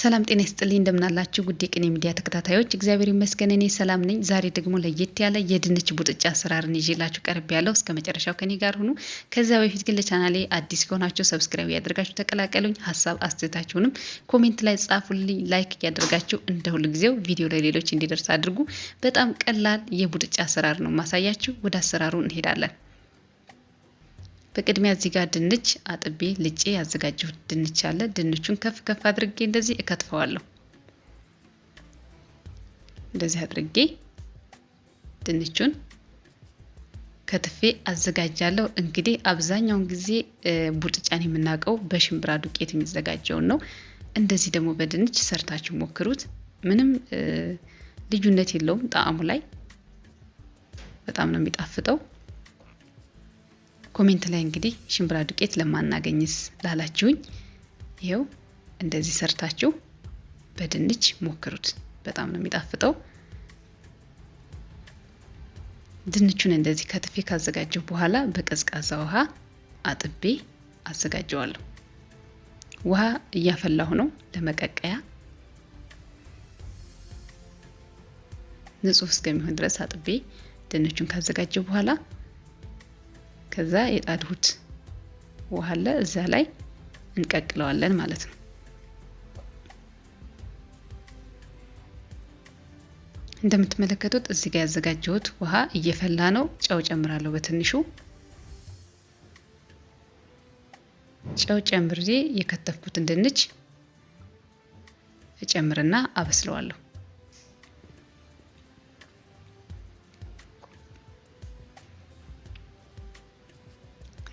ሰላም ጤና ይስጥልኝ እንደምናላችሁ ውድ የቅኔ ሚዲያ ተከታታዮች፣ እግዚአብሔር ይመስገን እኔ ሰላም ነኝ። ዛሬ ደግሞ ለየት ያለ የድንች ቡጥጫ አሰራርን ይዤላችሁ ቀርብ ያለው እስከ መጨረሻው ከኔ ጋር ሁኑ። ከዚያ በፊት ግን ለቻናሌ አዲስ ከሆናችሁ ሰብስክራይብ እያደርጋችሁ ተቀላቀሉኝ። ሀሳብ አስተያየታችሁንም ኮሜንት ላይ ጻፉልኝ። ላይክ እያደርጋችሁ እንደ ሁል ጊዜው ቪዲዮ ለሌሎች እንዲደርስ አድርጉ። በጣም ቀላል የቡጥጫ አሰራር ነው ማሳያችሁ። ወደ አሰራሩ እንሄዳለን። በቅድሚያ እዚህ ጋር ድንች አጥቤ ልጬ ያዘጋጀሁት ድንች አለ። ድንቹን ከፍ ከፍ አድርጌ እንደዚህ እከትፈዋለሁ። እንደዚህ አድርጌ ድንቹን ከትፌ አዘጋጃለሁ። እንግዲህ አብዛኛውን ጊዜ ቡጥጫን የምናውቀው በሽምብራ ዱቄት የሚዘጋጀውን ነው። እንደዚህ ደግሞ በድንች ሰርታችሁ ሞክሩት። ምንም ልዩነት የለውም ጣዕሙ ላይ በጣም ነው የሚጣፍጠው። ኮሜንት ላይ እንግዲህ ሽምብራ ዱቄት ለማናገኝስ ላላችሁኝ ይኸው እንደዚህ ሰርታችሁ በድንች ሞክሩት። በጣም ነው የሚጣፍጠው። ድንቹን እንደዚህ ከትፌ ካዘጋጀሁ በኋላ በቀዝቃዛ ውሃ አጥቤ አዘጋጀዋለሁ። ውሃ እያፈላሁ ነው ለመቀቀያ። ንጹህ እስከሚሆን ድረስ አጥቤ ድንቹን ካዘጋጀሁ በኋላ ከዛ የጣድሁት ውሃ አለ እዛ ላይ እንቀቅለዋለን ማለት ነው። እንደምትመለከቱት እዚህ ጋር ያዘጋጀሁት ውሃ እየፈላ ነው። ጨው ጨምራለሁ በትንሹ ጨው ጨምሬ የከተፍኩትን ድንች እጨምርና አበስለዋለሁ።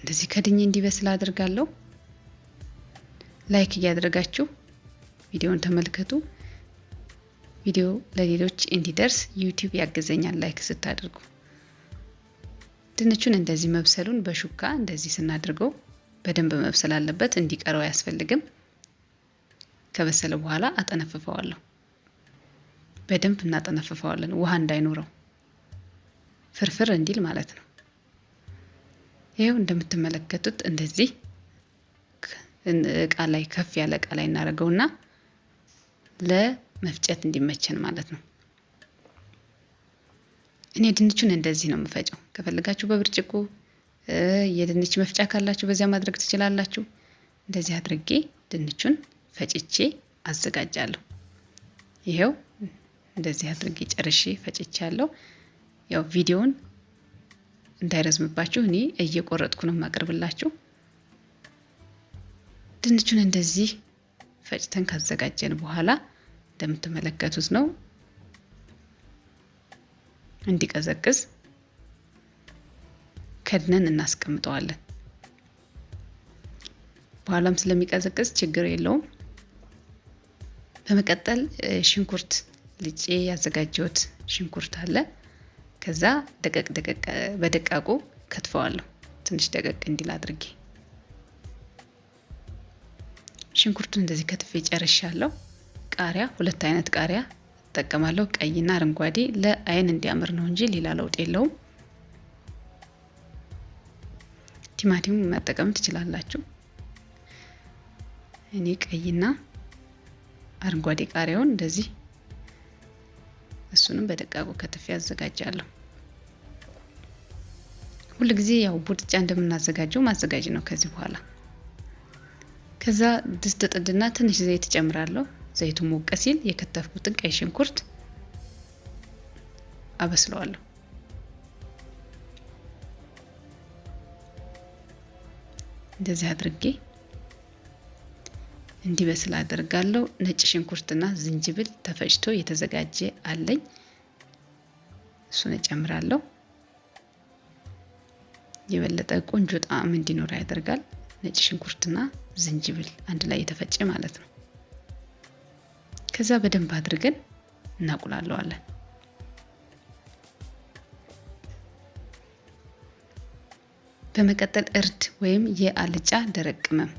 እንደዚህ ከድኝ እንዲበስል አድርጋለሁ። ላይክ እያደረጋችሁ ቪዲዮውን ተመልከቱ። ቪዲዮ ለሌሎች እንዲደርስ ዩቲዩብ ያግዘኛል ላይክ ስታደርጉ። ድንቹን እንደዚህ መብሰሉን በሹካ እንደዚህ ስናድርገው በደንብ መብሰል አለበት፣ እንዲቀረው አያስፈልግም። ከበሰለ በኋላ አጠነፍፈዋለሁ። በደንብ እናጠነፍፈዋለን ውሃ እንዳይኖረው ፍርፍር እንዲል ማለት ነው። ይኸው እንደምትመለከቱት እንደዚህ እቃ ላይ ከፍ ያለ እቃ ላይ እናደርገውና ለመፍጨት እንዲመቸን ማለት ነው። እኔ ድንቹን እንደዚህ ነው የምፈጨው። ከፈልጋችሁ በብርጭቆ የድንች መፍጫ ካላችሁ በዚያ ማድረግ ትችላላችሁ። እንደዚህ አድርጌ ድንቹን ፈጭቼ አዘጋጃለሁ። ይኸው እንደዚህ አድርጌ ጨርሼ ፈጭቼ ያው ቪዲዮውን እንዳይረዝምባችሁ እኔ እየቆረጥኩ ነው የማቀርብላችሁ። ድንቹን እንደዚህ ፈጭተን ካዘጋጀን በኋላ እንደምትመለከቱት ነው እንዲቀዘቅዝ ከድነን እናስቀምጠዋለን። በኋላም ስለሚቀዘቅዝ ችግር የለውም። በመቀጠል ሽንኩርት ልጬ ያዘጋጀሁት ሽንኩርት አለ። ከዛ ደቀቅ ደቀቅ በደቃቁ ከትፈዋለሁ። ትንሽ ደቀቅ እንዲል አድርጌ ሽንኩርቱን እንደዚህ ከትፌ ጨርሻለሁ። ቃሪያ፣ ሁለት አይነት ቃሪያ እጠቀማለሁ። ቀይና አረንጓዴ ለአይን እንዲያምር ነው እንጂ ሌላ ለውጥ የለውም። ቲማቲም መጠቀም ትችላላችሁ። እኔ ቀይና አረንጓዴ ቃሪያውን እንደዚህ እሱንም በደቃቁ ከትፌ አዘጋጃለሁ። ሁል ጊዜ ያው ቡድጫ እንደምናዘጋጀው ማዘጋጅ ነው። ከዚህ በኋላ ከዛ ድስት ጥድና ትንሽ ዘይት ጨምራለሁ። ዘይቱ ሞቀ ሲል የከተፍኩትን ቀይ ሽንኩርት አበስለዋለሁ። እንደዚህ አድርጌ እንዲበስል አደርጋለሁ። ነጭ ሽንኩርትና ዝንጅብል ተፈጭቶ የተዘጋጀ አለኝ፣ እሱን እጨምራለሁ። የበለጠ ቆንጆ ጣዕም እንዲኖር ያደርጋል። ነጭ ሽንኩርትና ዝንጅብል አንድ ላይ የተፈጨ ማለት ነው። ከዛ በደንብ አድርገን እናቁላለዋለን። በመቀጠል እርድ ወይም የአልጫ ደረቅ ቅመም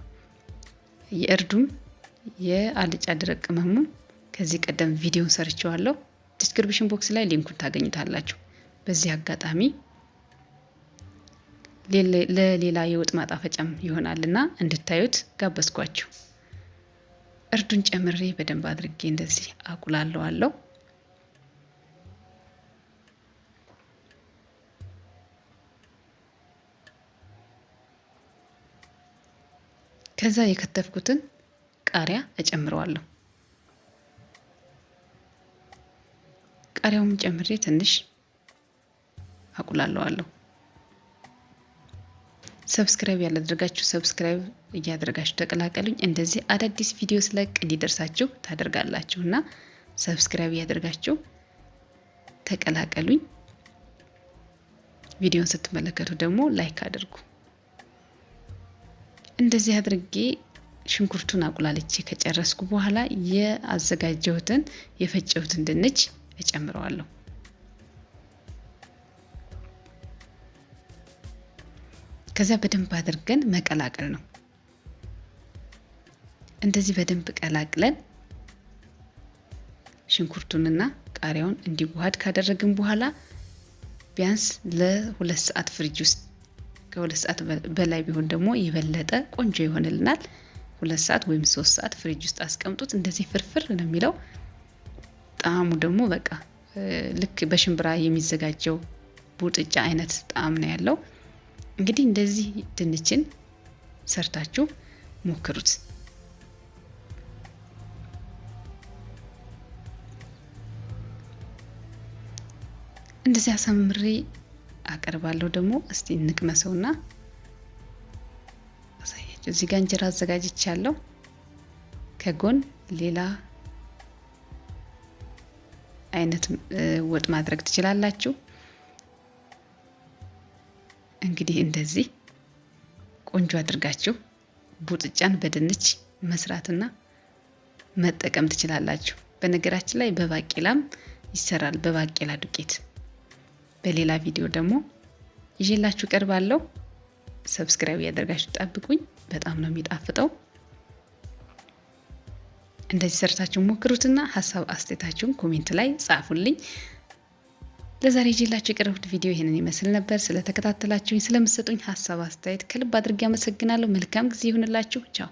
የእርዱም የአልጫ ደረቅ ቅመሙ ከዚህ ቀደም ቪዲዮን ሰርቸዋለሁ ዲስክሪፕሽን ቦክስ ላይ ሊንኩን ታገኙታላችሁ። በዚህ አጋጣሚ ለሌላ የወጥ ማጣፈጫም ይሆናልና እንድታዩት ጋበዝኳችሁ። እርዱን ጨምሬ በደንብ አድርጌ እንደዚህ አቁላለዋለሁ። ከዛ የከተፍኩትን ቃሪያ እጨምረዋለሁ። ቃሪያውም ጨምሬ ትንሽ አቁላለዋለሁ። ሰብስክራይብ ያላደረጋችሁ ሰብስክራይብ እያደረጋችሁ ተቀላቀሉኝ። እንደዚህ አዳዲስ ቪዲዮ ስለቅ እንዲደርሳችሁ ታደርጋላችሁ እና ሰብስክራይብ እያደረጋችሁ ተቀላቀሉኝ። ቪዲዮን ስትመለከቱ ደግሞ ላይክ አድርጉ። እንደዚህ አድርጌ ሽንኩርቱን አቁላልቼ ከጨረስኩ በኋላ የአዘጋጀሁትን የፈጨሁትን ድንች እጨምረዋለሁ። ከዚያ በደንብ አድርገን መቀላቀል ነው። እንደዚህ በደንብ ቀላቅለን ሽንኩርቱንና ቃሪያውን እንዲዋሃድ ካደረግን በኋላ ቢያንስ ለሁለት ሰዓት ፍሪጅ ውስጥ ከሁለት ሰዓት በላይ ቢሆን ደግሞ የበለጠ ቆንጆ ይሆንልናል። ሁለት ሰዓት ወይም ሶስት ሰዓት ፍሪጅ ውስጥ አስቀምጡት። እንደዚህ ፍርፍር ነው የሚለው ጣዕሙ ደግሞ በቃ ልክ በሽምብራ የሚዘጋጀው ቡጥጫ አይነት ጣዕም ነው ያለው። እንግዲህ እንደዚህ ድንችን ሰርታችሁ ሞክሩት። እንደዚህ አሳምሬ አቀርባለሁ። ደግሞ እስቲ እንቅመሰውና እዚህ ጋር እንጀራ አዘጋጅቻለሁ። ከጎን ሌላ አይነት ወጥ ማድረግ ትችላላችሁ። እንግዲህ እንደዚህ ቆንጆ አድርጋችሁ ቡጥጫን በድንች መስራትና መጠቀም ትችላላችሁ። በነገራችን ላይ በባቄላም ይሰራል። በባቄላ ዱቄት በሌላ ቪዲዮ ደግሞ ይዤላችሁ ቀርባለሁ። ሰብስክራይብ እያደረጋችሁ ጠብቁኝ። በጣም ነው የሚጣፍጠው። እንደዚህ ሰርታችሁ ሞክሩትና ሀሳብ አስተያየታችሁን ኮሜንት ላይ ጻፉልኝ። ለዛሬ ይዤላችሁ የቀረቡት ቪዲዮ ይህንን ይመስል ነበር። ስለተከታተላችሁኝ፣ ስለምሰጡኝ ሀሳብ አስተያየት ከልብ አድርጌ አመሰግናለሁ። መልካም ጊዜ ይሁንላችሁ። ቻው